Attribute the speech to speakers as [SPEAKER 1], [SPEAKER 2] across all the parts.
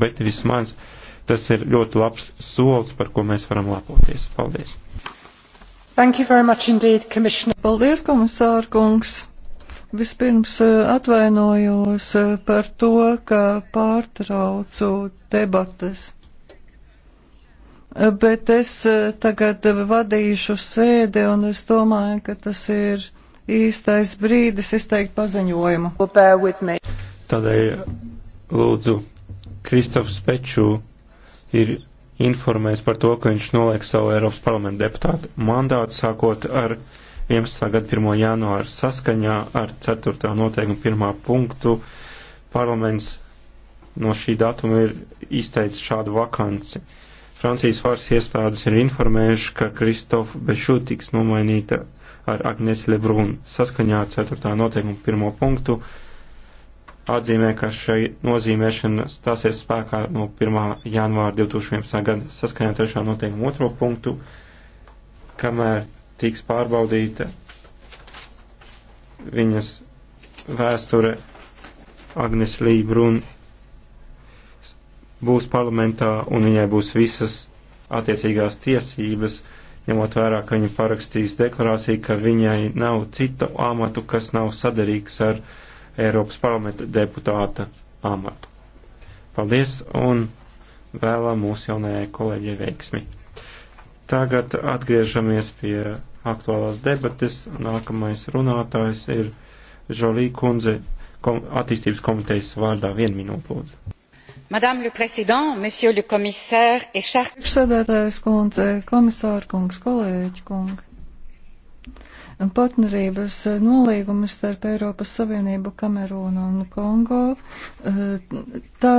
[SPEAKER 1] bet vismaz tas ir ļoti labs solis, par ko mēs varam lepoties. Paldies!
[SPEAKER 2] Indeed, Paldies, komisārkungs! Vispirms eh, atvainojos eh, par to, ka pārtraucu debates eh, bet es tagad vadīšu sēdi un es domāju, ka tas ir īstais brīdis izteikt paziņojumu.
[SPEAKER 1] Tādēļ lūdzu Kristofs Peču ir informējis par to, ka viņš noliek savu Eiropas parlamenta deputātu mandātu sākot ar 11. gada 1. janvāru saskaņā ar 4. noteikumu 1. punktu. Parlaments no šī datuma ir izteicis šādu vakanci. Francijas varas iestādes ir informējuši, ka Kristofa Bešu tiks nomainīta ar Agnes Lebrun saskaņā ar 4. noteikumu 1. punktu atzīmē, ka šai nozīmēšana stāsies spēkā no 1. janvāra 2011. gada saskaņā trešā noteikuma otro punktu, kamēr tiks pārbaudīta viņas vēsture Agnes Lībrun būs parlamentā un viņai būs visas attiecīgās tiesības, ņemot vērā, ka viņa parakstīs deklarāciju, ka viņai nav citu amatu, kas nav sadarīgs ar uh, Eiropas parlamenta deputāta amatu. Paldies un vēlam mūsu jaunajai kolēģei veiksmi. Tagad atgriežamies pie aktuālās debates. Nākamais runātājs ir Žolī kundze kom attīstības komitejas vārdā. Vienu minūtu lūdzu.
[SPEAKER 2] Madame le Président, Monsieur le Commissaire et Charles. Priekšsēdētājs kundze, komisāra kungs, kolēģi kungi. Partnerības eh, nolīgumus starp Eiropas Savienību, Kamerūnu un Kongo. Eh, Tā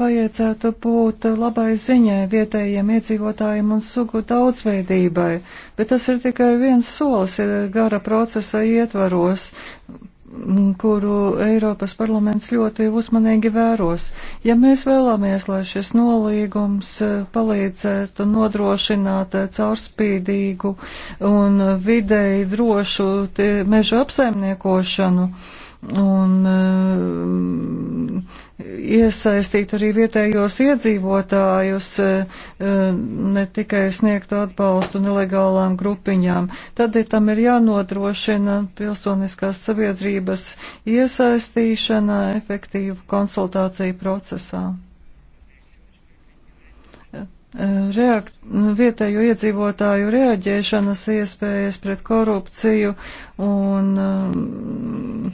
[SPEAKER 2] vajadzētu būt labai ziņai vietējiem iedzīvotājiem un sugu daudzveidībai, bet tas ir tikai viens solis gara procesa ietvaros kuru Eiropas parlaments ļoti uzmanīgi vēros. Ja mēs vēlamies, lai šis nolīgums eh, palīdzētu nodrošināt eh, caurspīdīgu un eh, videi drošu mežu apsaimniekošanu, un eh, iesaistīt arī vietējos iedzīvotājus, eh, ne tikai sniegtu atbalstu nelegālām grupiņām. Tad tam ir jānodrošina pilsoniskās sabiedrības iesaistīšana efektīvu konsultāciju procesā reakt, vietējo iedzīvotāju reaģēšanas iespējas pret korupciju un um,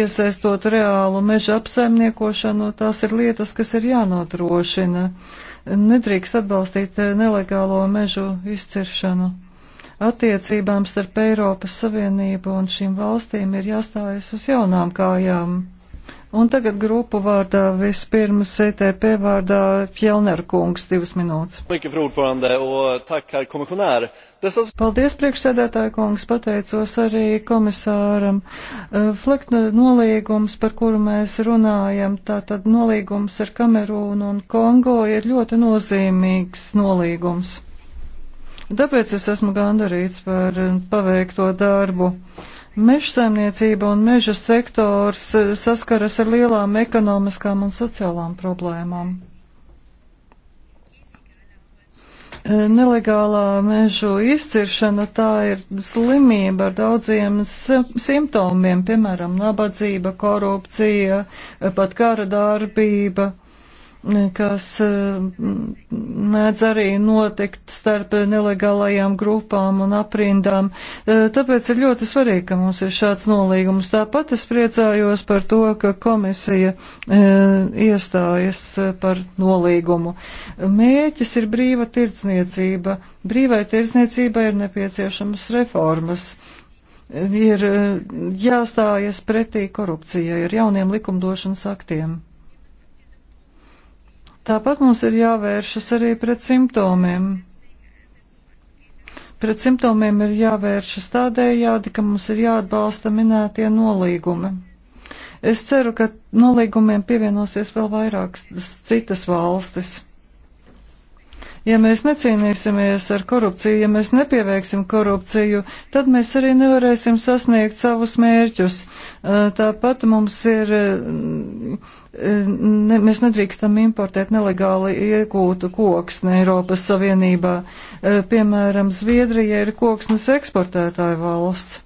[SPEAKER 2] iesaistot reālu meža apsaimniekošanu, tās ir lietas, kas ir jānodrošina. Nedrīkst atbalstīt nelegālo mežu izciršanu. Attiecībām starp Eiropas Savienību un šīm valstīm ir jāstājas uz jaunām kājām Un tagad grupu vārdā vispirms ETP vārdā Pjelnerkungs divas minūtes. Paldies, priekšsēdētāja kungs, pateicos arī komisāram. Flekna nolīgums, par kuru mēs runājam, tātad nolīgums ar Kamerūnu un Kongo ir ļoti nozīmīgs nolīgums. Tāpēc es esmu gandarīts par paveikto darbu. Mežsaimniecība un meža sektors eh, saskaras ar lielām ekonomiskām un sociālām problēmām. Eh, nelegālā mežu izciršana tā ir slimība ar daudziem simptomiem, piemēram, nabadzība, korupcija, eh, pat kara darbība kas eh, mēdz arī notikt starp nelegālajām grupām un aprindām. Eh, tāpēc ir ļoti svarīgi, ka mums ir šāds nolīgums. Tāpat es priecājos par to, ka komisija eh, iestājas par nolīgumu. Mēķis ir brīva tirdzniecība. Brīvai tirdzniecībai ir nepieciešamas reformas ir jāstājas pretī korupcijai ar jauniem likumdošanas aktiem. Tāpat mums ir jāvēršas arī pret simptomiem. Pret simptomiem ir jāvēršas tādējādi, ka mums ir jāatbalsta minētie nolīgumi. Es ceru, ka nolīgumiem pievienosies vēl vairākas citas valstis. Ja mēs necīnīsimies ar korupciju, ja mēs nepieveiksim korupciju, tad mēs arī nevarēsim sasniegt savus mērķus. Tāpat mums ir. Ne, mēs nedrīkstam importēt nelegāli iegūtu koksni Eiropas Savienībā. Piemēram, Zviedrija ir koksnes eksportētāja valsts.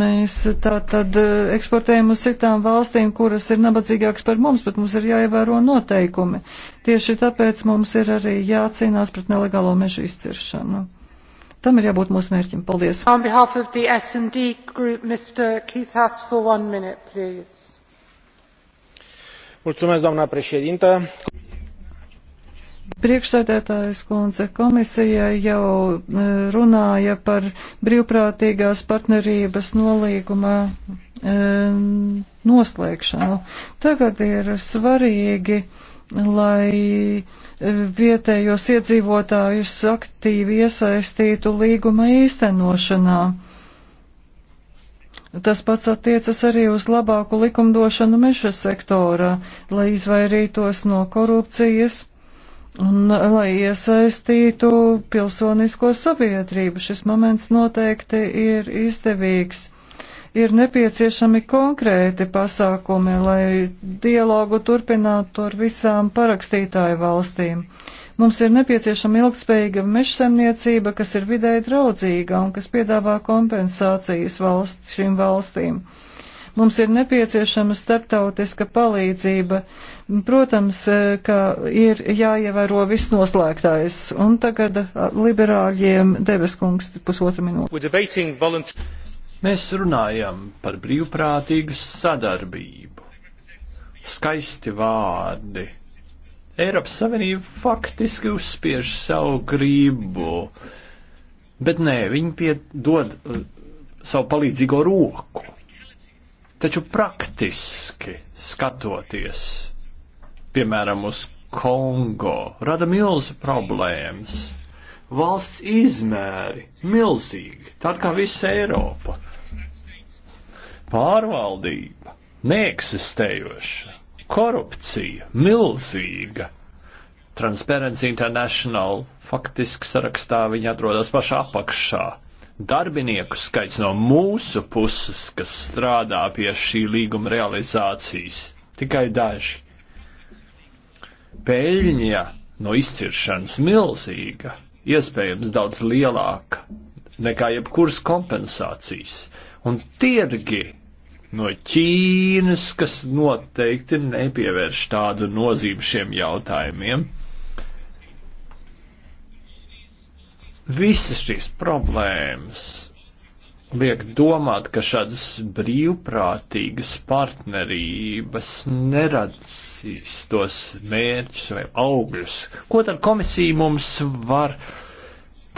[SPEAKER 2] Mēs tā tad eh, eksportējam uz citām valstīm, kuras ir nabadzīgākas par mums, bet mums ir jāievēro noteikumi. Tieši tāpēc mums ir arī jācīnās pret nelegālo mežu izciršanu. Tam ir jābūt mūsu mērķim. Paldies! Group, Kutas, minute,
[SPEAKER 1] Mulțumesc, doamna președintă. Priekšsēdētājas
[SPEAKER 2] kundze komisija jau e, runāja par brīvprātīgās partnerības nolīguma e, noslēgšanu. Tagad ir svarīgi, lai vietējos iedzīvotājus aktīvi iesaistītu līguma īstenošanā. Tas pats attiecas arī uz labāku likumdošanu meža sektorā, lai izvairītos no korupcijas Un, lai iesaistītu pilsonisko sabiedrību, šis moments noteikti ir izdevīgs. Ir nepieciešami konkrēti pasākumi, lai dialogu turpinātu ar visām parakstītāju valstīm. Mums ir nepieciešama ilgspējīga mežsemniecība, kas ir vidē draudzīga un kas piedāvā kompensācijas valsts, šīm valstīm. Mums ir nepieciešama starptautiska palīdzība. Protams, e, ka ir jāievēro viss noslēgtājs. Un tagad e, liberāļiem Debes kungs pusotra minūte.
[SPEAKER 3] Mēs runājam par brīvprātīgu sadarbību. Skaisti vārdi. Eiropas Savienība faktiski uzspiež savu gribu, bet nē, viņi piedod e, savu palīdzīgo roku. Taču praktiski skatoties, piemēram, uz Kongo, rada milzu problēmas. Valsts izmēri milzīgi, tā kā visa Eiropa. Pārvaldība neeksistējoša, korupcija milzīga. Transparency International faktiski sarakstā viņi atrodas pašā apakšā darbinieku skaits no mūsu puses, kas strādā pie šī līguma realizācijas, tikai daži. Peļņa no izciršanas milzīga, iespējams daudz lielāka nekā jebkuras kompensācijas, un tirgi no Ķīnas, kas noteikti nepievērš tādu nozīmi šiem jautājumiem. Visas šīs problēmas liek domāt, ka šādas brīvprātīgas partnerības neradīs tos mērķus vai augļus. Ko tad komisija mums var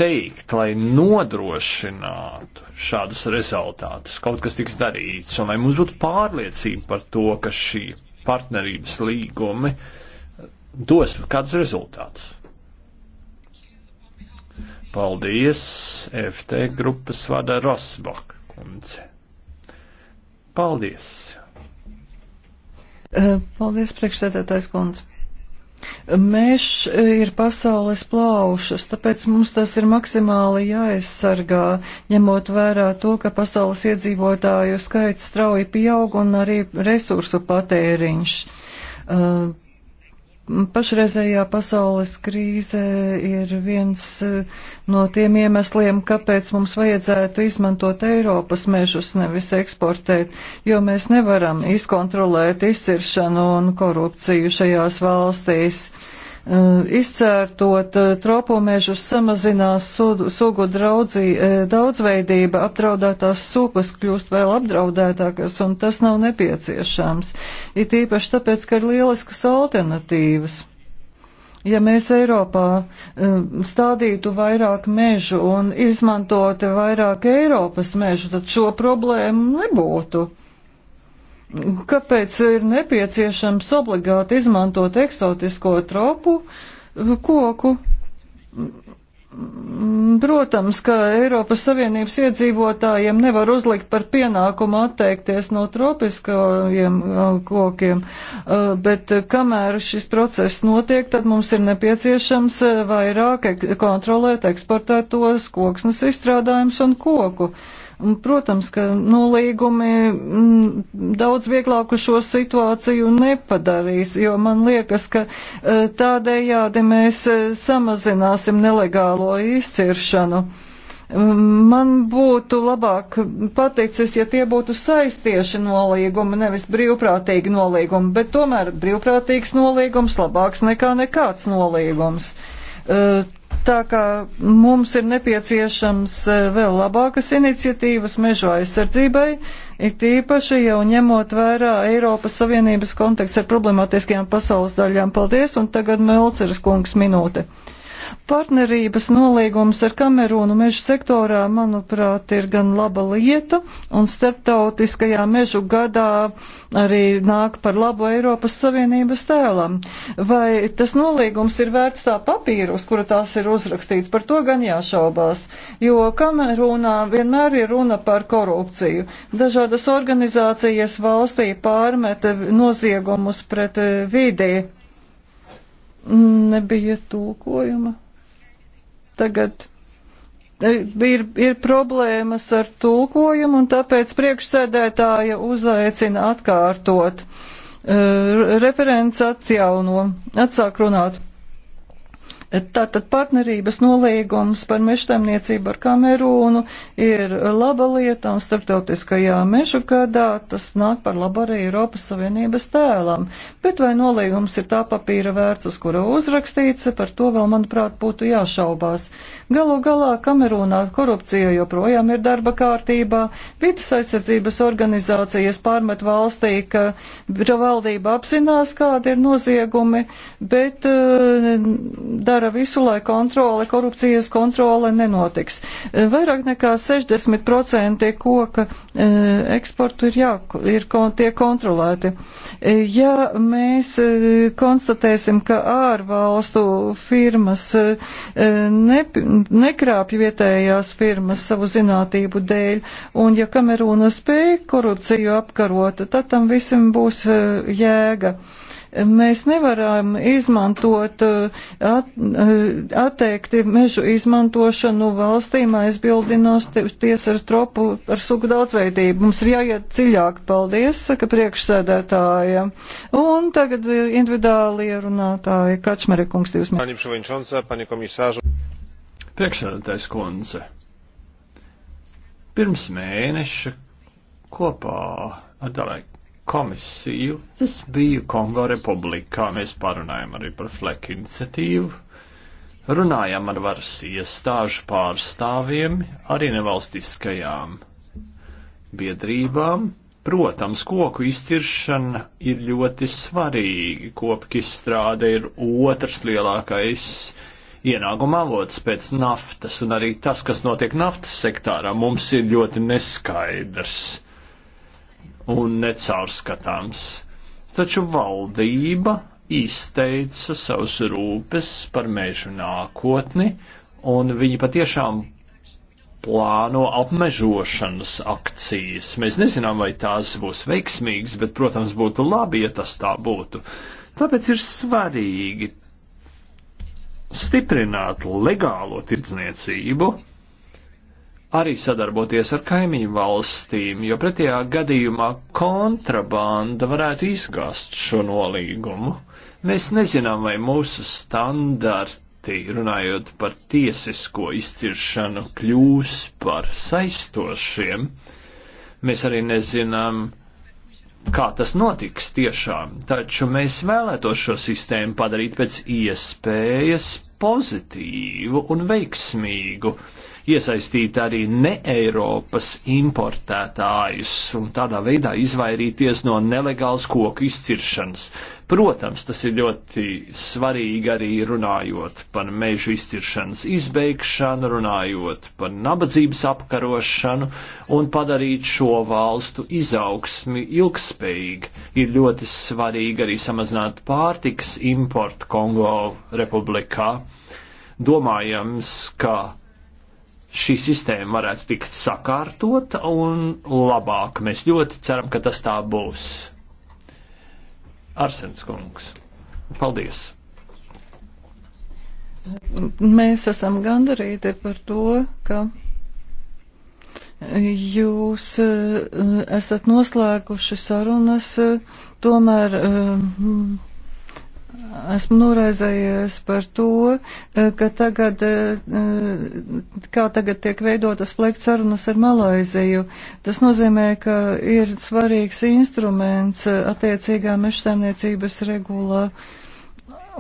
[SPEAKER 3] teikt, lai nodrošinātu šādus rezultātus? Kaut kas tiks darīts, un lai mums būtu pārliecība par to, ka šī partnerības līgumi dos kādus rezultātus. Paldies, FT grupas vada Rosbach kundze. Paldies!
[SPEAKER 2] Eh, paldies, priekšsēdētājs kundze. Mežs ir pasaules plaušas, tāpēc mums tas ir maksimāli jāaizsargā, ņemot vērā to, ka pasaules iedzīvotāju skaits strauji pieaug un arī resursu patēriņš. Uh, Pašreizējā pasaules krīze ir viens eh, no tiem iemesliem, kāpēc mums vajadzētu izmantot Eiropas mežus, nevis eksportēt, jo mēs nevaram izkontrolēt izciršanu un korupciju šajās valstīs. Uh, Eh, izcērtot eh, tropomežus samazinās sugu draudzī, eh, daudzveidība, apdraudētās sugas kļūst vēl apdraudētākas, un tas nav nepieciešams. It īpaši tāpēc, ka ir lieliskas alternatīvas. Ja mēs Eiropā stādītu vairāk mežu un izmantotu vairāk Eiropas mežu, tad šo problēmu nebūtu kāpēc ir nepieciešams obligāti izmantot eksotisko tropu uh, koku. Protams, ka Eiropas Savienības iedzīvotājiem nevar uzlikt par pienākumu atteikties no tropiskajiem uh, kokiem, uh, bet kamēr šis process notiek, tad mums ir nepieciešams vairāk kontrolēt eksportētos koksnes izstrādājums un koku. Uh, Protams, ka nolīgumi mm, daudz vieglāku šo situāciju nepadarīs, jo man liekas, ka eh, tādējādi mēs eh, samazināsim nelegālo izciršanu. Mm, man būtu labāk paticis, ja tie būtu saistieši nolīgumi, nevis brīvprātīgi nolīgumi, bet tomēr brīvprātīgs nolīgums labāks nekā nekāds nolīgums. Uh, Tā kā mums ir nepieciešams eh, vēl labākas iniciatīvas mežu aizsardzībai, it īpaši jau ņemot vērā Eiropas Savieniības konteksts ar problemātiskajām pasaules daļām. Paldies, un tagad Melceres kungs minūte. Uh, Partnerības nolīgums ar Kamerūnu mežu sektorā, manuprāt, ir gan laba lieta, un starptautiskajā mežu gadā arī nāk par labu Eiropas Savienības tēlam. Vai tas nolīgums ir vērts tā papīru, uz kura tās ir uzrakstīts? Par to gan jāšaubās, jo Kamerūnā vienmēr ir runa par korupciju. Dažādas organizācijas valstī pārmet noziegumus pret eh, vidi nebija tulkojuma. Tagad e, ir, ir problēmas ar tulkojumu, un tāpēc priekšsēdētāja uzaicina atkārtot. E, referents atjauno, atsāk runāt. Tātad partnerības nolīgums par mežsaimniecību ar Kamerūnu ir laba lieta un starptautiskajā mežu gadā tas nāk par labu arī Eiropas Savienības tēlam. Bet vai nolīgums ir tā papīra vērts, uz kura uzrakstīts, par to vēl, manuprāt, būtu jāšaubās. Galu galā Kamerūnā korupcija joprojām ir darba kārtībā, vidas aizsardzības organizācijas pārmet valstī, ka valdība apzinās, kādi ir noziegumi, bet uh, dara dara visu, lai kontrole, korupcijas kontrole nenotiks. E, vairāk nekā 60% koka e, eksportu ir, jā, ir tiek kontrolēti. E, ja mēs konstatēsim, ka ārvalstu firmas ne, nekrāpj vietējās firmas savu zinātību dēļ, un ja Kamerūna spēja korupciju apkarot, tad tam visam būs jēga. Mēs nevaram izmantot uh, at, uh, atteikti mežu izmantošanu valstīm aizbildinoties ar tropu, ar sugu daudzveidību. Mums ir jāiet dziļāk. Paldies, saka priekšsēdētāja. Un tagad uh, individuāli runātāji Kačmerikungs divas
[SPEAKER 1] minūtes.
[SPEAKER 3] Priekšsēdētājs kundze. Pirms mēneša kopā ar dalību komisiju. Es biju Kongo republikā, mēs parunājam arī par flek iniciatīvu. Runājam ar varas iestāžu pārstāvjiem, arī nevalstiskajām biedrībām. Protams, koku izciršana ir ļoti svarīga. Kopīgi izstrāde ir otrs lielākais ienākuma avots pēc naftas, un arī tas, kas notiek naftas sektārā, mums ir ļoti neskaidrs un necaurskatāms. Taču valdība izteica savus rūpes par mežu nākotni, un viņi patiešām plāno apmežošanas akcijas. Mēs nezinām, vai tās būs veiksmīgas, bet, protams, būtu labi, ja tas tā būtu. Tāpēc ir svarīgi stiprināt legālo tirdzniecību, arī sadarboties ar kaimiņu valstīm, jo pretējā gadījumā kontrabanda varētu izgāst šo nolīgumu. Mēs nezinām, vai mūsu standarti, runājot par tiesisko izciršanu, kļūs par saistošiem. Mēs arī nezinām, kā tas notiks tiešām, taču mēs vēlētos šo sistēmu padarīt pēc iespējas pozitīvu un veiksmīgu iesaistīt arī ne Eiropas importētājus un tādā veidā izvairīties no nelegāls koku izciršanas. Protams, tas ir ļoti svarīgi arī runājot par mežu izciršanas izbeigšanu, runājot par nabadzības apkarošanu un padarīt šo valstu izaugsmi ilgspējīgi. Ir ļoti svarīgi arī samazināt pārtiks importu Kongo republikā. Domājams, ka šī sistēma varētu tikt sakārtota un labāk. Mēs ļoti ceram, ka tas tā būs. Arsens kungs, paldies!
[SPEAKER 2] Mēs esam gandarīti par to, ka jūs e, esat noslēguši sarunas e, tomēr. E, Esmu noraizējies par to, eh, ka tagad, eh, kā tagad tiek veidotas flekt sarunas ar Malaiziju. Tas nozīmē, ka ir svarīgs instruments eh, attiecīgā mežsaimniecības regulā.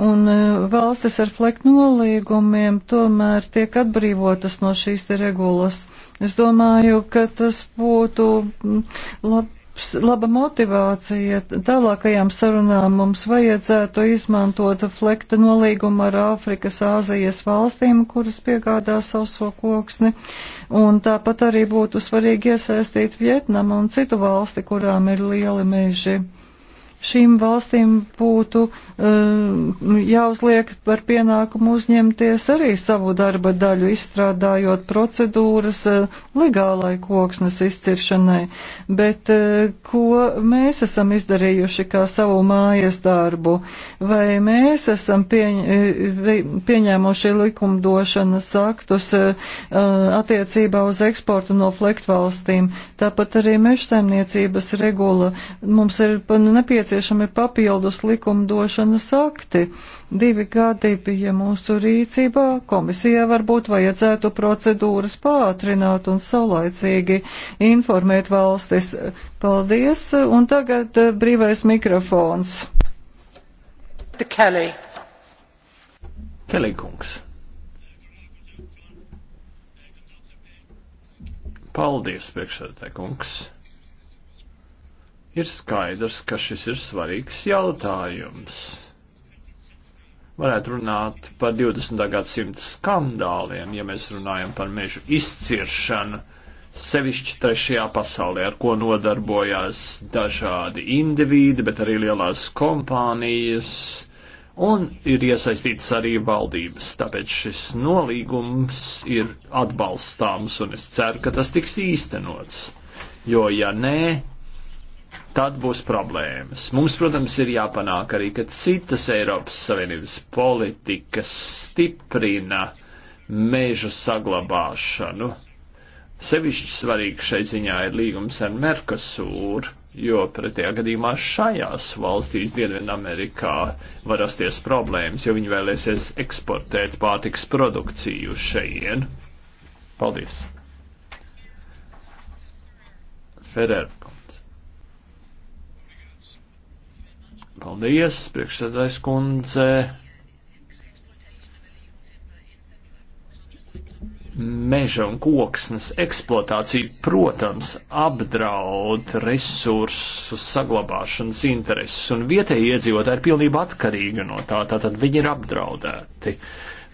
[SPEAKER 2] Un valstis ar flekt nolīgumiem tomēr tiek atbrīvotas no šīs te regulas. Es domāju, ka tas būtu mm, lab, labs, laba motivācija tālākajām sarunām mums vajadzētu izmantot flekta nolīgumu ar Āfrikas, Āzijas valstīm, kuras piegādā sauso koksni, un tāpat arī būtu svarīgi iesaistīt Vietnamu un citu valsti, kurām ir lieli meži šīm valstīm būtu eh, jāuzliek par pienākumu uzņemties arī savu darba daļu, izstrādājot procedūras eh, legālai koksnes izciršanai. Bet eh, ko mēs esam izdarījuši kā savu mājas darbu? Vai mēs esam pieņ pieņēmuši likumdošanas aktus attiecībā uz eksportu no flektvalstīm? Tāpat arī mežsaimniecības regula mums ir nepieciešama nepieciešami papildus likumdošanas akti. Divi gadi bija mūsu rīcībā, komisijai varbūt vajadzētu procedūras pātrināt un saulaicīgi informēt valstis. Paldies, un tagad eh, brīvais mikrofons.
[SPEAKER 3] Kelly. Kelly kungs. Paldies, priekšsēdētāj kungs. Ir skaidrs, ka šis ir svarīgs jautājums. Varētu runāt par 20. gadsimta skandāliem, ja mēs runājam par mežu izciršanu, sevišķi trešajā pasaulē, ar ko nodarbojās dažādi indivīdi, bet arī lielās kompānijas un ir iesaistīts arī valdības. Tāpēc šis nolīgums ir atbalstāms, un es ceru, ka tas tiks īstenots. Jo, ja nē, tad būs problēmas. Mums, protams, ir jāpanāk arī, ka citas Eiropas Savienības politikas stiprina meža saglabāšanu. Sevišķi svarīgi šai ziņā ir līgums ar Merkosūru, jo pretējā gadījumā šajās valstīs Dienvidamerikā var rasties problēmas, jo viņi vēlēsies eksportēt pārtiks produkciju šeit. Paldies! Ferrerko. Paldies, priekšsēdājs kundze. Meža un koksnes eksploatācija, protams, apdraud resursu saglabāšanas intereses, un vietējie iedzīvotāji ir pilnībā atkarīgi no tā, tātad viņi ir apdraudēti.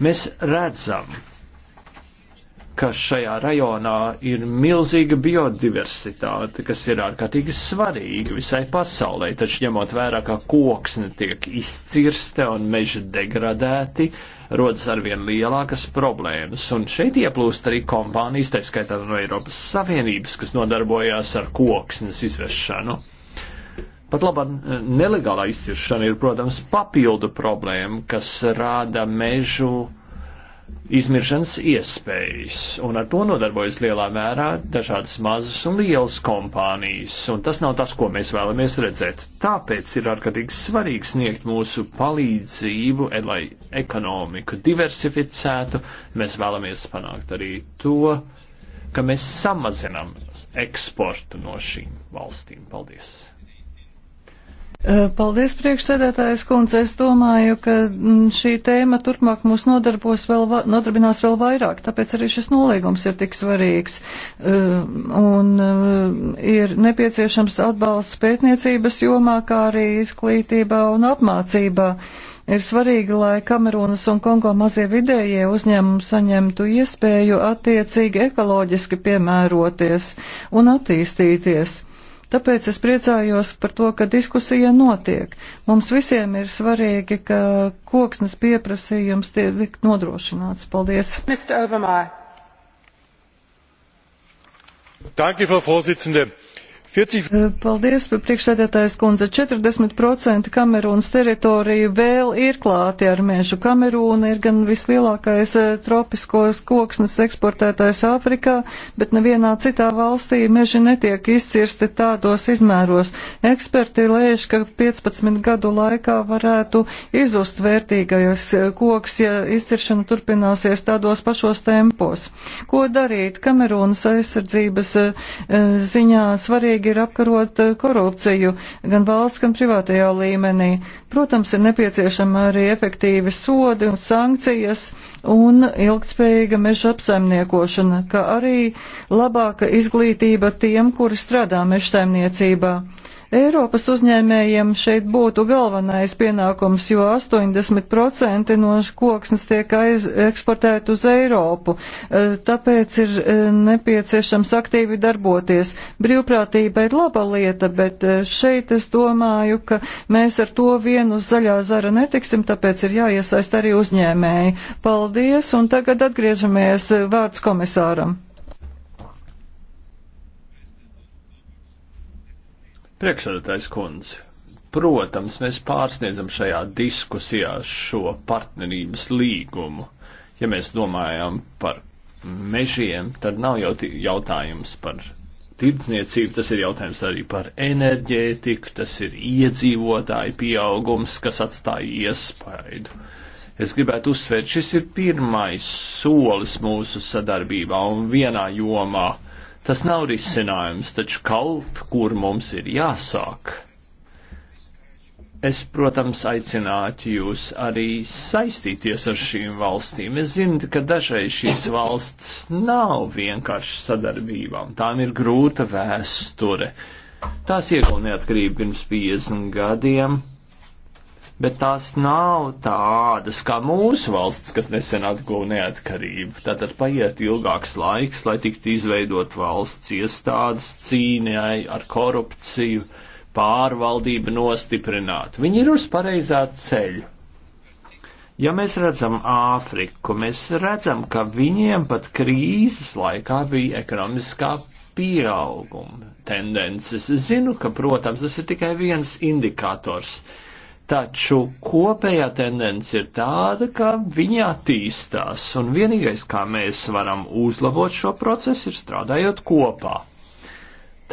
[SPEAKER 3] Mēs redzam, ka šajā rajonā ir milzīga biodiversitāte, kas ir ārkārtīgi svarīga visai pasaulē, taču ņemot vērā, ka koksne tiek izcirsta un meži degradēti, rodas arvien lielākas problēmas, un šeit ieplūst arī kompānijas, tā skaitā no Eiropas Savienības, kas nodarbojās ar koksnes izvešanu. Pat labā nelegālā izciršana ir, protams, papildu problēma, kas rāda mežu izmiršanas iespējas, un ar to nodarbojas lielā mērā dažādas mazas un lielas kompānijas, un tas nav tas, ko mēs vēlamies redzēt. Tāpēc ir ārkārtīgi svarīgi sniegt mūsu palīdzību, eh, lai ekonomiku diversificētu, mēs vēlamies panākt arī to, ka mēs samazinām eksportu no šīm valstīm. Paldies!
[SPEAKER 2] Eh, paldies, priekšsēdētājs kundze. Es domāju, ka mm, šī tēma turpmāk mūs nodarbos vēl, nodarbinās vēl vairāk, tāpēc arī šis nolīgums ir tik svarīgs. Eh, un eh, ir nepieciešams atbalsts pētniecības jomā, kā arī izglītībā un apmācībā. Ir svarīgi, lai Kamerūnas un Kongo mazie vidējie uzņēmumi saņemtu iespēju attiecīgi ekoloģiski piemēroties un attīstīties. Tāpēc es priecājos par to, ka diskusija notiek. Mums visiem ir svarīgi, ka koksnes pieprasījums tiek nodrošināts. Paldies!
[SPEAKER 1] Danke, Frau Vorsitzende!
[SPEAKER 2] Eh, paldies, priekšsēdētājs kundze. 40% Kamerūnas teritorija vēl ir klāti ar mežu. Kamerūna ir gan vislielākais eh, tropiskos koksnes eksportētājs Āfrikā, bet nevienā citā valstī meži netiek izcirsti tādos izmēros. Eksperti lēš, ka 15 gadu laikā varētu izust vērtīgajos eh, koks, ja izciršana turpināsies tādos pašos tempos. Ko darīt? Kamerūnas aizsardzības ziņā svarīgi svarīgi ir apkarot eh, korupciju gan valsts, gan privātajā līmenī. Protams, ir nepieciešama arī efektīvi sodi un sankcijas un ilgtspējīga meža apsaimniekošana, kā arī labāka izglītība tiem, kuri strādā meža saimniecībā. Eiropas uzņēmējiem šeit būtu galvenais pienākums, jo 80% no koksnes tiek aiz, eksportēt uz Eiropu. E, tāpēc ir e, nepieciešams aktīvi darboties. Brīvprātība ir laba lieta, bet e, šeit es domāju, ka mēs ar to vienu uz zaļā zara netiksim, tāpēc ir jāiesaist arī uzņēmēji. Paldies, un tagad atgriežamies vārds komisāram.
[SPEAKER 3] Priekšsēdētājs kundze, protams, mēs pārsniedzam šajā diskusijā šo partnerības līgumu. Ja mēs domājam par mežiem, tad nav jau jautājums par tirdzniecību, tas ir jautājums arī par enerģētiku, tas ir iedzīvotāju pieaugums, kas atstāja iespaidu. Es gribētu uzsvērt, šis ir pirmais solis mūsu sadarbībā un vienā jomā Tas nav risinājums, taču kaut kur mums ir jāsāk. Es, protams, aicinātu jūs arī saistīties ar šīm valstīm. Es zinu, ka dažreiz šīs valsts nav vienkārši sadarbībām, tām ir grūta vēsture. Tās ieguva neatkarību pirms 50 gadiem, bet tās nav tādas kā mūsu valsts, kas nesen atguva neatkarību. Tātad paiet ilgāks laiks, lai tiktu izveidot valsts iestādes cīņai ar korupciju, pārvaldību nostiprināt. Viņi ir uz pareizā ceļa. Ja mēs redzam Āfriku, mēs redzam, ka viņiem pat krīzes laikā bija ekonomiskā pieauguma tendences. Es zinu, ka, protams, tas ir tikai viens indikators. Uh, Taču kopējā tendence ir tāda, ka viņi attīstās, un vienīgais, kā mēs varam uzlabot šo procesu, ir strādājot kopā.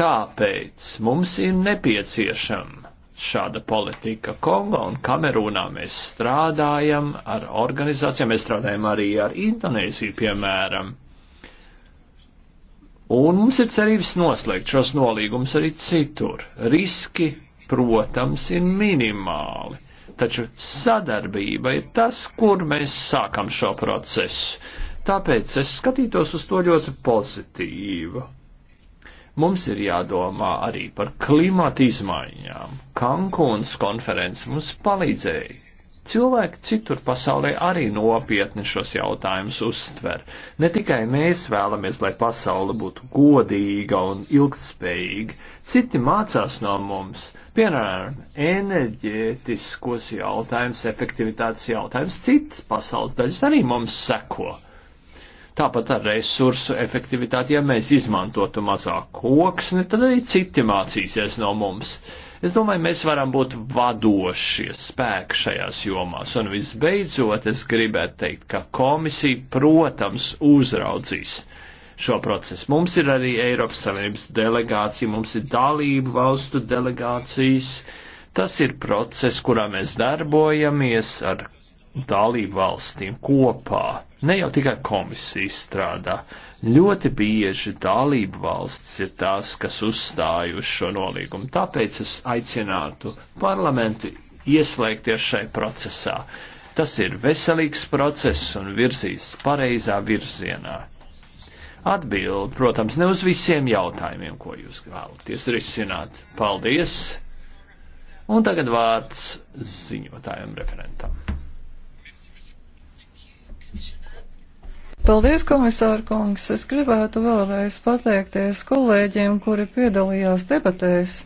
[SPEAKER 3] Tāpēc mums ir nepieciešama šāda politika Kongo un Kamerūnā. Mēs strādājam ar organizācijām, mēs strādājam arī ar Indonēziju, piemēram. Un mums ir cerības noslēgt šos nolīgumus arī citur. Riski protams, ir minimāli. Taču sadarbība ir tas, kur mēs sākam šo procesu. Tāpēc es skatītos uz to ļoti pozitīvu. Mums ir jādomā arī par klimata izmaiņām. Kankūnas konferences mums palīdzēja Cilvēki citur pasaulē arī nopietni šos jautājumus uztver. Ne tikai mēs vēlamies, lai pasaule būtu godīga un ilgtspējīga, citi mācās no mums, piemēram, enerģētiskos jautājumus, efektivitātes jautājumus, citas pasaules daļas arī mums seko. Tāpat ar resursu efektivitāti, ja mēs izmantotu mazāk koksni, tad arī citi mācīsies no mums. Es domāju, mēs varam būt vadošie spēki šajās jomās. Un visbeidzot, es gribētu teikt, ka komisija, protams, uzraudzīs šo procesu. Mums ir arī Eiropas Savienības delegācija, mums ir dalību valstu delegācijas. Tas ir process, kurā mēs darbojamies ar dalību valstīm kopā. Ne jau tikai komisija strādā. Ļoti bieži dalību valsts ir tās, kas uzstāj uz šo nolīgumu. Tāpēc es aicinātu parlamentu ieslēgties šai procesā. Tas ir veselīgs process un virzīs pareizā virzienā. Atbildi, protams, ne uz visiem jautājumiem, ko jūs vēlaties risināt. Paldies! Un tagad vārds ziņotājiem referentam.
[SPEAKER 2] Paldies, komisāra kungs! Es gribētu vēlreiz pateikties kolēģiem, kuri piedalījās debatēs.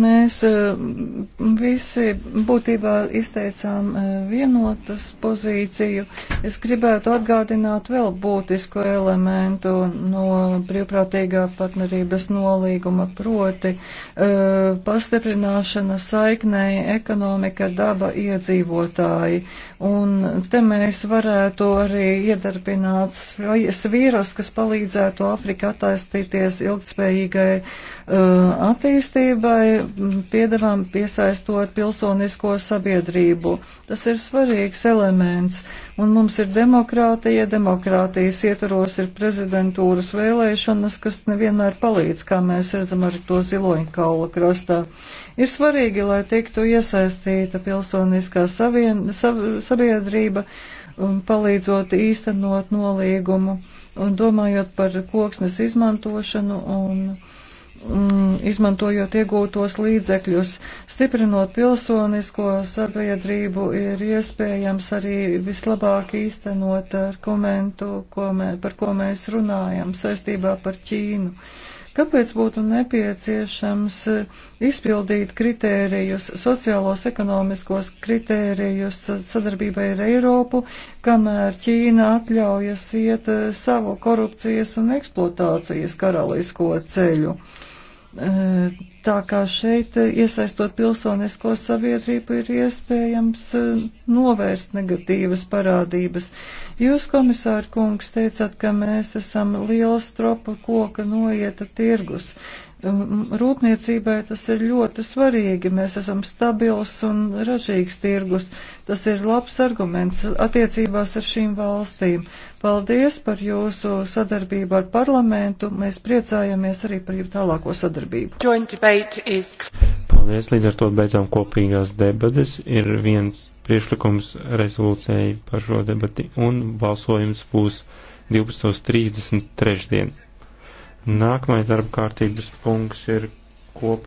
[SPEAKER 2] Mēs eh, visi būtībā izteicām eh, vienotas pozīciju. Es gribētu atgādināt vēl būtisku elementu no brīvprātīgā partnerības nolīguma proti eh, pastiprināšana saiknēji ekonomika daba iedzīvotāji. Un te mēs varētu arī iedarbināt svīras, kas palīdzētu Afrika attaistīties ilgtspējīgai uh, attīstībai, piedevām piesaistot pilsonisko sabiedrību. Tas ir svarīgs elements. Uh, Un mums ir demokrātija, demokrātijas ietvaros ir prezidentūras vēlēšanas, kas nevienmēr palīdz, kā mēs redzam ar to ziloņkaula krastā. Ir svarīgi, lai tiktu iesaistīta pilsoniskā savien, sab, sabiedrība, um, palīdzot īstenot nolīgumu un domājot par koksnes izmantošanu un Mm, izmantojot iegūtos līdzekļus. Stiprinot pilsonisko sabiedrību ir iespējams arī vislabāk īstenot argumentu, ko mē, par ko mēs runājam saistībā par Ķīnu. Kāpēc būtu nepieciešams izpildīt kritērijus, sociālos, ekonomiskos kritērijus sadarbībai ar Eiropu, kamēr Ķīna atļaujas iet savu korupcijas un eksploatācijas karalisko ceļu? Uh, Tā kā šeit iesaistot pilsonisko sabiedrību ir iespējams eh, novērst negatīvas parādības. Jūs, komisāra kungs, teicāt, ka mēs esam liels tropa koka noieta tirgus. Um, rūpniecībai tas ir ļoti svarīgi. Mēs esam stabils un ražīgs tirgus. Tas ir labs arguments attiecībās ar šīm valstīm. Paldies par jūsu sadarbību ar parlamentu. Mēs priecājamies arī par jūsu tālāko sadarbību. Is...
[SPEAKER 1] Paldies, līdz ar to beidzām kopīgās debates. Ir viens priešlikums rezolūcijai par šo debati un balsojums būs 12.30 trešdien. Nākamais darba kārtības punkts ir kopā.